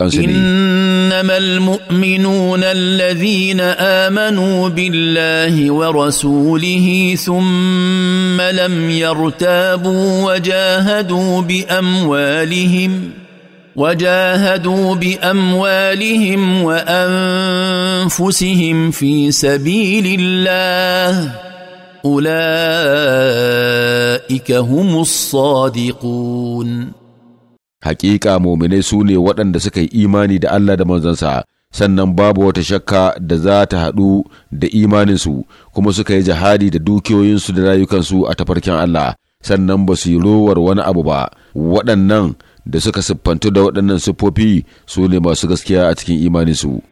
إنما المؤمنون الذين آمنوا بالله ورسوله ثم لم يرتابوا وجاهدوا بأموالهم وجاهدوا بأموالهم وأنفسهم في سبيل الله أولئك هم الصادقون Hakika muminai su ne waɗanda suka yi imani da Allah da manzansa, sannan babu wata shakka da za ta haɗu da imaninsu, kuma suka yi jihadi da dukiyoyinsu da rayukansu a tafarkin Allah, sannan ba su yi rowar wani abu ba, waɗannan da suka siffantu da waɗannan siffofi su ne masu gaskiya a cikin imaninsu.